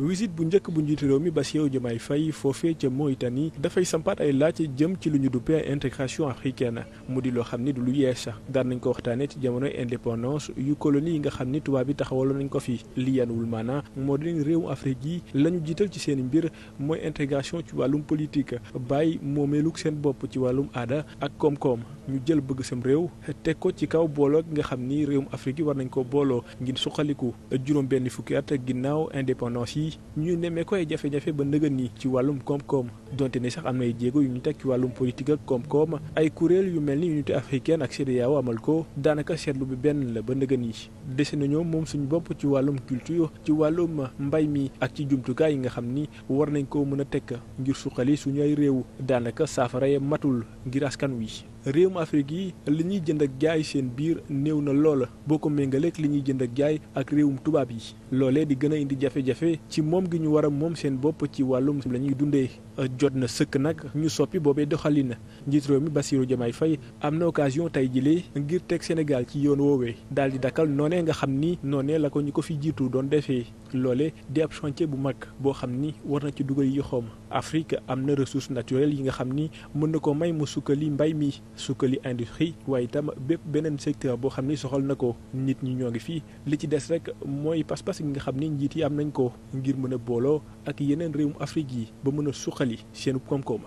visite bu njëkk bu njiitu réew mi ba Bassirou Diomaye Faye foofee ca Mauritanie dafay sampaat ay laaj jëm ci lu ñu duppee ay intégration na mu di loo xam ni du lu yees sax daan nañ ko waxtaanee ci jamono indépendance yu colonie yi nga xam ni tubaab yi taxawaloon nañ ko fi li yanwul maanaam moo di leen réewu Afrique yi la ñu jiital ci seen mbir mooy intégration ci wàllum politique bàyyi moomeelug seen bopp ci wàllum aada ak koom-koom ñu jël bëgg sam réew teg ko ci kaw booloo nga xam ni réewum Afrique yi war nañ ko booloo ngir suqaliku juróom benn fukki at ginnaaw indépendance yi fii ñu nemmee koy jafe-jafe ba nëgën yi ci wàllum koom-koom donte ne sax am nay jéego yu ñu teg ci wàllum politique ak koom-koom ay kuréel yu mel ni unité africaine ak CEDEAO amal ko daanaka seetlu bi benn la ba nëgën yi dese nañoo moom suñu bopp ci wàllum culture ci wàllum mbay mii ak ci jumtukaay yi nga xam ni war nañ koo mën a teg ngir suqali suñu réew daanaka saafara ya matul ngir askan wi réewum Afrique yi li ñuy jënd ak jaay seen biir néew na loola boo ko méngaleek li ñuy jënd ak jaay ak réewum tubaab yi loole di gën a indi jafe-jafe ci moom gi ñu war a moom seen bopp ci wàllum la ñuy dundee jot na sëkk nag ñu soppi boobee doxalin njiit réew mi Bassirou Diomaye Faye am na occasion tey jilee ngir teg Sénégal ci yoon woowee daal di dakkal noonee nga xam ni noonee la ko ñu ko fi jiitu doon defee loole di ab chantier bu mag boo xam ni war na ci dugal yoxoom Afrique am na ressources naturelles yi nga xam ni mën na ko may mu sukkali mbay mi sukkali industrie waaye itam bépp beneen secteur boo xam ni soxal na ko nit ñi ñoo ngi fii li ci des rek mooy pas-pas yi nga xam ni njiit yi am nañ ko ngir mën a booloo ak yeneen mu Afrique yi ba mën a suqali seenu koom-koom